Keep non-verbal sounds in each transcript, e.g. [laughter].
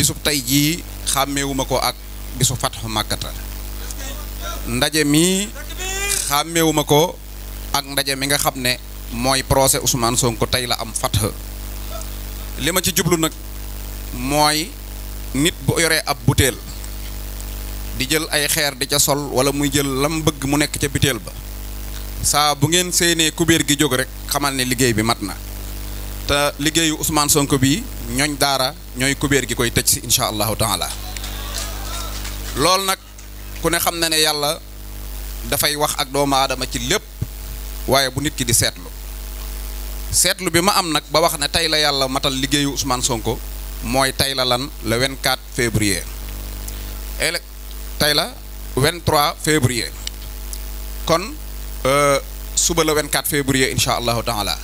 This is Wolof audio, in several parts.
bisub tey jii xàmmeewuma ko ak bisu fatxu màkkata ndaje mi xàmmeewuma ko ak ndaje mi nga xam ne mooy procès Ousmane Sonko tey la am fatx li ma ci jublu nag mooy nit bu yoree ab butéel di jël ay xeer di ca sol wala muy jël lam bëgg mu nekk ca butéel ba saa bu ngeen séenee kubéer gi jóg rek xamal ne liggéey bi mat na te liggéeyu Ousmane Sonko bi ñooñ daara ñooy kubéer gi koy tëj si incha allahu taala loolu nag ku ne xam na ne yàlla dafay wax ak doomu aadama ci lépp waaye bu nit ki di seetlu seetlu bi ma am nag ba wax ne tey la yàlla matal liggéeyu Ousmane Sonko mooy tey la lan le 24 février ele tey la 23 février kon euh, suba le 24 février incha allahu taala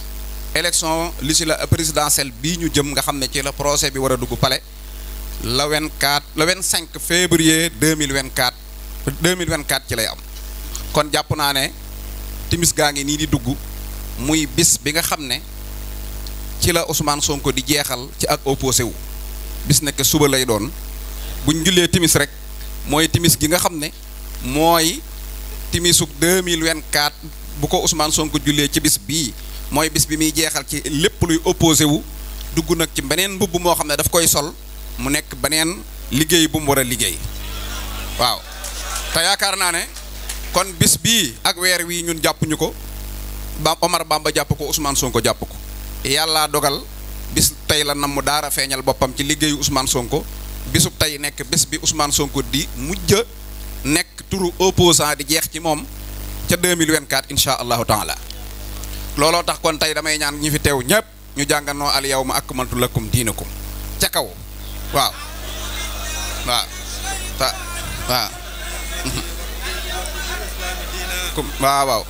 élection la présidencelle bii ñu jëm nga xam ne ci la projet bi war a dugg palais la 24 le 25 février 2024 2024 ci lay am kon jàpp naa ne timis gaa ngi nii di dugg muy bis bi nga xam ne ci la Ousmane Sonko di jeexal ci ak opposé wu bis nekk suba lay doon buñ jullee timis rek mooy timis gi nga xam ne mooy timisuk 2024 bu ko Ousmane Sonko jullee ci bis bii mooy bis bi muy jeexal ci lépp luy opposé wu dugg nag ci beneen mbubb moo xam ne dafa koy sol mu nekk beneen liggéey bu mu war a liggéey waaw te yaakaar naa ne kon bis bii ak weer wii ñun jàppuñu ko ba Omar Bamba jàpp ko Ousmane Sonko jàpp ko yàllaa dogal bis tey la namm daara feeñal boppam ci liggéeyu Ousmane Sonko bisub tey nekk bis bi Ousmane Sonko di mujj nekk turu opposant di jeex ci moom ca 2024 incha allahu taala looloo tax kon tey damay ñaan ñi fi teew ñëpp ñu jànganoo al yawma akmaltu lakum diinakum ca kaw waaw waaw ta waaw waaw waaw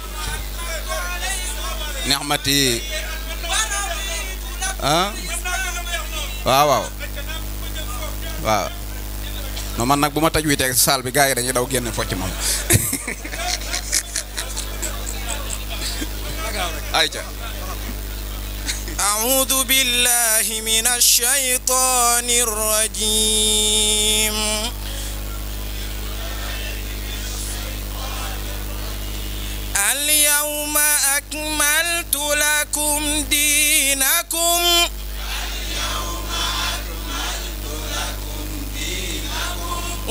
nexmati waaw waaw waaw no man nag bu ma taj witeeg saal bi gars yi dañuy daw génn focc moom [laughs] ayca أعوذ بالله من الشيطان الرجيم اليوم أكملت لكم دينكم اليوم أكملت لكم دينكم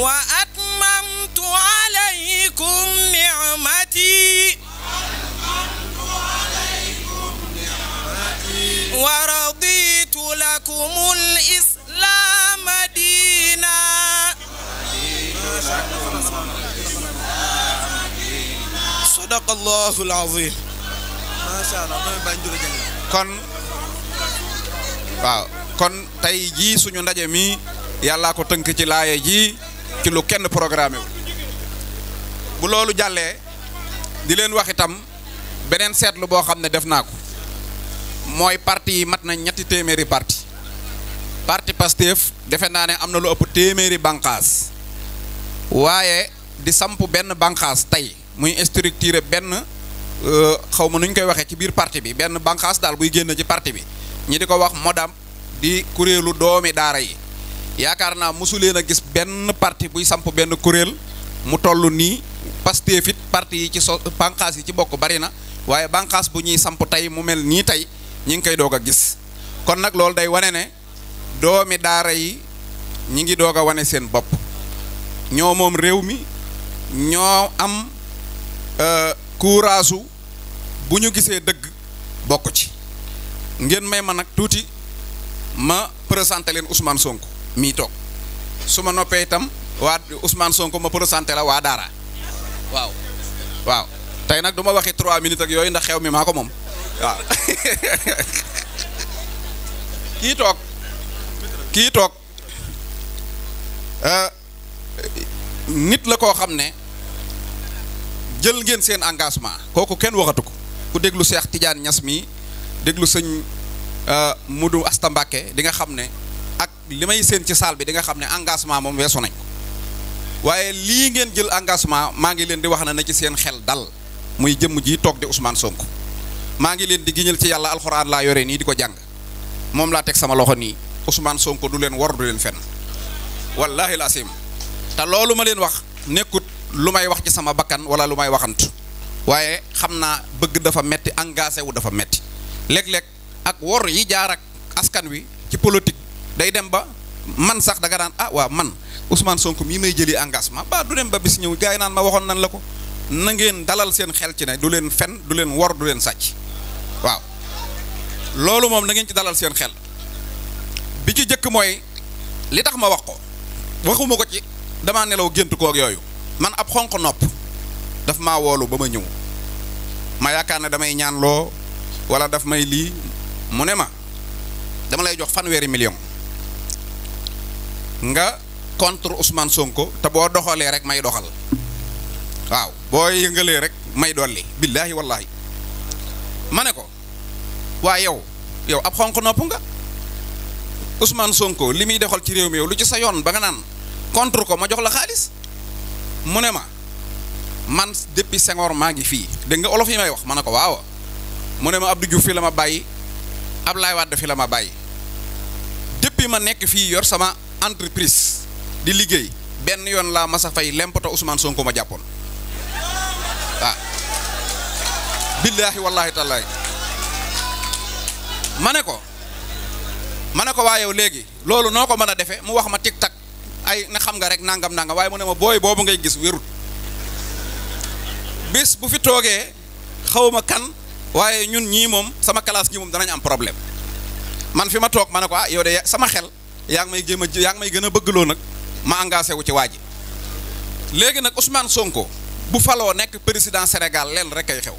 لكم الإسلام دينا kon tey jii suñu ndaje mi yàllaa ko tënk ci laaye ji ci lu kenn programme wu bu loolu jàllee di leen waxitam beneen seetlu boo xam ne def naa ko mooy parti yi mat na ñetti téeméeri parti parti Pastef defe naa ne am na lu ëpp téeméeri bànqaas waaye di samp benn banqaas tey muy structuré benn euh, xaw ma nu ñu koy waxee ci biir parti bi benn bànqaas daal buy génne ci parti bi ñi di ko wax modam di kuréelu doomi daara yi yaakaar naa mosu leen a gis benn parti buy samp benn kuréel mu toll nii Pastef it parti yi ci so bànqaas yi ci bokk bari na waaye bànqaas bu ñuy samp tey mu mel nii tey ñi ngi koy doog a gis kon nag loolu day wane ne doomi daara yi ñi ngi doog a wane seen bopp ñoo moom réew mi ñoo am kuuraasu euh, bu ñu gisee dëgg bokk ci ngeen may ma nag tuuti ma présenté leen Ousmane Sonko mii toog su ma noppee itam waa Ousmane Sonko ma présenté la waa daara waaw waaw tey nag du ma waxi trois minutes ak yooyu ndax xew mi maa ko moom waaw kii toog kii toog euh, nit la koo xam ne jël ngeen seen engagement kooku kenn waxatu ko ku déglu seex Tidiane ñas mi déglu sëñ euh, Mudu Asta Mbàkke di nga xam ne ak li may seen ci saal bi di nga xam ne engagement moom weesu nañ ko waaye lii ngeen jël engagement maa ngi leen di wax na na ci seen xel dal muy jëmm ji toog di Ousmane Sonko maa ngi leen di giñal ci yàlla alxuraan laa yore nii di ko jàng moom laa teg sama loxo nii Ousmane Sonko du leen war du leen fenn wallaahi laasim te loolu ma leen wax nekkut lu may wax ci sama bakkan wala lu may waxantu waaye xam naa bëgg dafa metti engagé wu dafa metti léeg-léeg ak wor yi jaar ak askan wi ci politique day dem ba man sax da nga daan ah waa man Ousmane Sonko mii may jëli engagement baa du dem ba bis ñëw gars yi naan ma waxoon nan la ko na ngeen dalal seen xel ci ne du leen fen du leen wor du leen sàcc. loolu moom na ngeen ci dalal seen xel bi ci jëkk mooy li tax ma wax ko waxuma ko ci damaa nelaw gént koog yooyu man ab xonq nopp daf ma woolu ba ma ñëw ma yaakaar ne damay ñaan loo wala daf may lii mu ne ma dama lay jox fanweeri million nga contre Ousmane Sonko te boo doxalee rek may doxal waaw boo yëngalee rek may dolli billaahi wallaahi ma ne ko waa yow yow ab xonq nopp nga Ousmane Sonko li muy doxal ci réew mi yow lu ci sa yoon ba nga naan contre ko ma jox la xaalis mu ne ma man depuis Senghor maa ngi fii dégg nga olof yi may wax ma ne ko waaw mu ne ma Abdou Diouf fi la ma bàyyi Ablaye Wade fi la ma bàyyi depuis ma nekk fii yor sama entreprise di liggéey benn yoon laa mas a fay lempata Ousmane Sonko ma jàppoon waaw ah. billaahi wallaahi tallaahi ma ne ko ma ne ko waa yow léegi loolu noo ko mën a defee mu wax ma tic tak ay na xam nga rek nangam nangam waaye mu ne ma booy boobu ngay gis wérut bis bu fi toogee xawma kan waaye ñun ñii moom sama classe gi moom danañ am problème man fi ma toog ma ne ko ah yow de sama xel yaa ngi may jéem a yaa ngi may gën a bëggloo nag ma engagé wu ci waa ji léegi nag Ousmane Sonko bu faloo nekk président Sénégal leen rek ay xew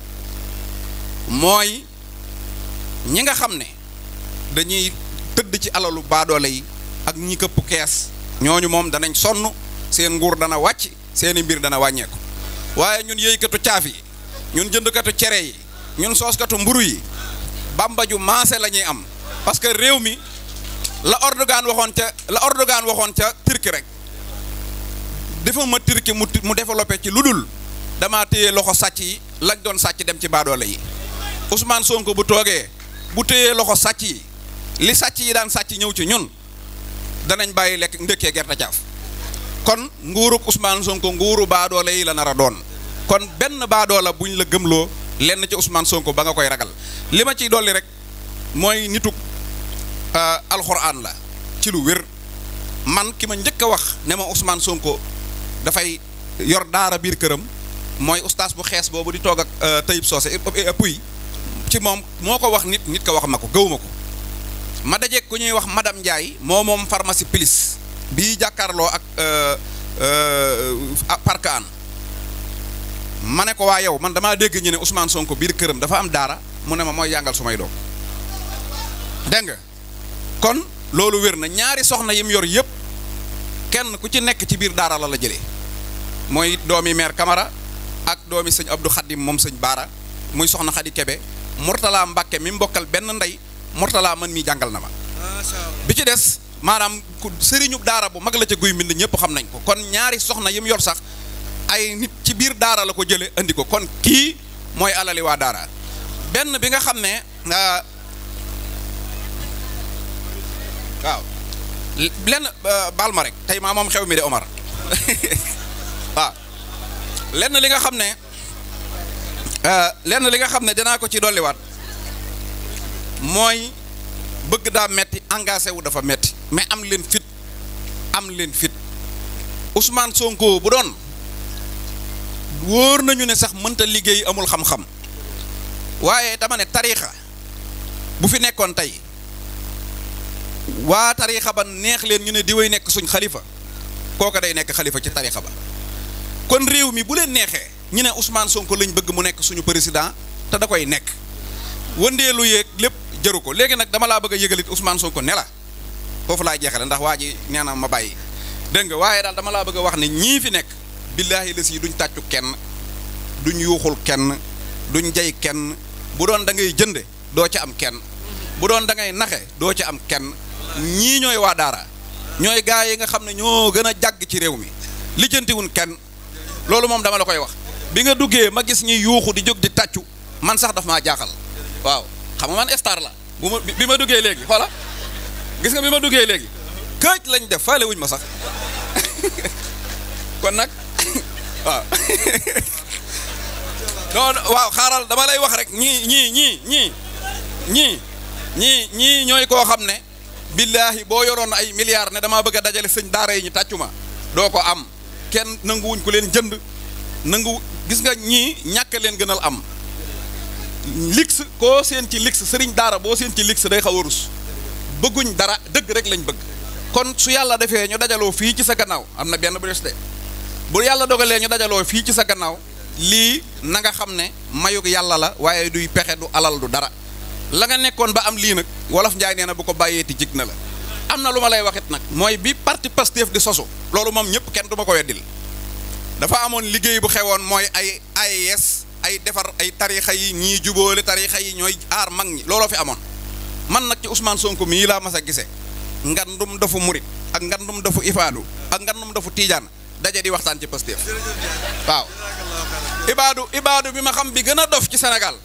mooy. ñi nga xam ne dañuy tëdd ci alalu baadoole yi ak ñi këpp kees ñooñu moom danañ sonn seen nguur dana wàcc seeni mbir dana wàññeeku waaye ñun yëykatu caaf yi ñun jëndkatu cere yi ñun sooskatu mburu yi bamba ju maase la ñuy am parce que réew mi la Erdogan waxoon ca la Erdogan waxoon ca Turquie rek defa ma Turquie mu mu développé ci lu dul damaa téye loxo sàcc yi lañ doon sàcc dem ci baadoole yi Ousmane Sonko bu toogee bu téyee loxo sàcc yi li sàcc yi daan sàcc ñëw ci ñun danañ bàyyi lekk ndëkkee gerte caaf kon nguurug Ousmane Sonko nguuru baadoole yi la nar a doon kon benn baadoola buñ la gëmloo lenn ci Ousmane Sonko ba nga koy ragal li ma ciy dolli rek mooy nituk euh, alxuraan la ci lu wér man ki ma njëkk a wax ne ma Ousmane Sonko dafay yor daara biir këram mooy ustaas bu xees boobu di toog ak euh, Tayib Socé euh, puy ci moom moo ko wax nit nit ko wax ma ko gëwuma ko ma daje ku ñuy wax madam Ndiaye moo moom pharmacie Pilis bii jàkkaarloo ak euh, euh, parc an ma ne ko waa yow man damaa dégg ñu ne Ousmane Sonko biir këram dafa am daara mu ne ma mooy jàngal su doom dégg nga kon loolu wér na ñaari soxna yim yor yëpp kenn ku ci nekk ci biir daara la la jële mooy doomi maire Camara ak doomi sëñ Abdou Khadim moom sëñ Baara muy soxna Khady Kebe Mourtala Mbacke mi mbokkal benn ndey Mourtala man mii jàngal na ma. bi ci des maanaam ku sëriñu daara bu mag la ca guy mbind ñëpp xam nañ ko kon ñaari soxna yi mu yor sax ay nit ci biir daara la ko jëlee indi ko kon kii mooy alali waa daara benn bi nga xam ne ah, waaw lenn baal ma rek tey maa moom xew mi de Omar [laughs] waaw lenn li nga xam ne. Euh, lenn li nga xam ne dinaa ko ci dolliwaat mooy bëgg daa metti engagé wu dafa metti mais am leen fit am leen fit Ousmane Sonko bu doon wóor nañu ne sax mënta liggéey amul xam-xam waaye dama ne tariixa bu fi nekkoon tey waa tariixa ba neex leen ñu ne di nekk suñ xalifa kooka day nekk xalifa ci tariixa ba kon réew mi bu leen neexee ñu ne Ousmane Sonko lañ bëgg mu nekk suñu président te da koy nekk wëndeelu yeeg lépp jëru ko léegi nag dama laa bëgg a yëgalit Ousmane Sonko ne la foofu laay jeexale ndax waa ji nee na ma bàyyi dégg nga waaye daal dama laa bëgg a wax ne ñii fi nekk billaahi les yi duñu tàccu kenn duñu yuuxul kenn duñ jay kenn bu doon da ngay jënde doo ca am kenn bu doon da ngay naxe doo ca am kenn ñii ñooy waa daara ñooy gaa yi nga xam ne ñoo gën a jàgg ci réew mi lijjantiwun kenn loolu moom dama la koy wax bi nga duggee ma gis ñi yuuxu di jóg di tàccu man sax daf maa jaaxal waaw xam nga man star la bi ma duggee léegi xoola gis nga bi ma duggee léegi këj lañ def faale wuñ ma sax [laughs] kon nag [laughs] waaw [laughs] non waaw xaaral dama lay wax rek ñii ñii ñii ñii ñii ñii ñii ñooy koo xam ne billaahi boo yoroon ay milliards ne damaa bëgg a dajale sëñ daara yi ñu tàccu ma doo ko am kenn nanguwuñ ku leen jënd nangu gis nga ñii ñàkk leen gënal am lix koo seen ci lix sëriñ daara boo seen ci lix day xaw a rus bëgguñ dara dëgg rek lañ bëgg kon su yàlla defee ñu dajaloo fii ci sa gannaaw am na benn bu des de bu yàlla dogalee ñu dajaloo fii ci sa gannaaw lii na nga xam ne mayug yàlla la waaye duy pexe du alal du dara la nga nekkoon ba am lii nag wolof njaay nee na bu ko bàyyeeti jig na la am na lu ma lay waxit nag mooy bi parti Pastef di sosu loolu moom ñëpp kenn du ma ko weddil dafa amoon liggéey bu xewoon mooy ay AES ay defar ay tarixa yi ñii jubóole tarixa yi ñooy aar mag ñi looloo fi amoon man nag ci Ousmane Sonko mii laa mas a gisee ngandum dafu murit ak ngandum dafu ifaadu ak ngandum dafu tiijaan daje di waxtaan ci Pastef waaw ibaadu ibaadu bi ma xam bi gën a dof ci senegal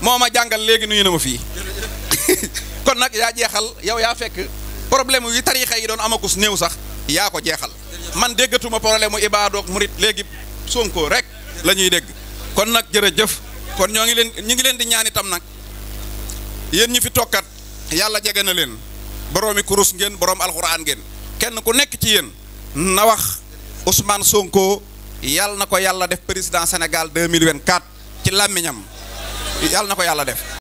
moo ma jàngal léegi nuyu na ma fii [laughs] kon nag yaa jeexal yow yaa fekk problème yi tarixa yi doon amakus néew sax yaa ko jeexal man déggatuma problème mu ibaadoog murit léegi sonko rek la ñuy dégg kon nag jërëjëf kon ñoo ngi leen ñu ngi leen di ñaan itam nag yéen ñu fi tokkat yàlla jege na leen boroomi kurus ngeen boroom alxuraan ngeen kenn ku nekk ci yéen na wax Ousmane Sonko yàlla na ko yàlla def président Sénégal 2024 ci làmmiñam yàlla na ko yàlla def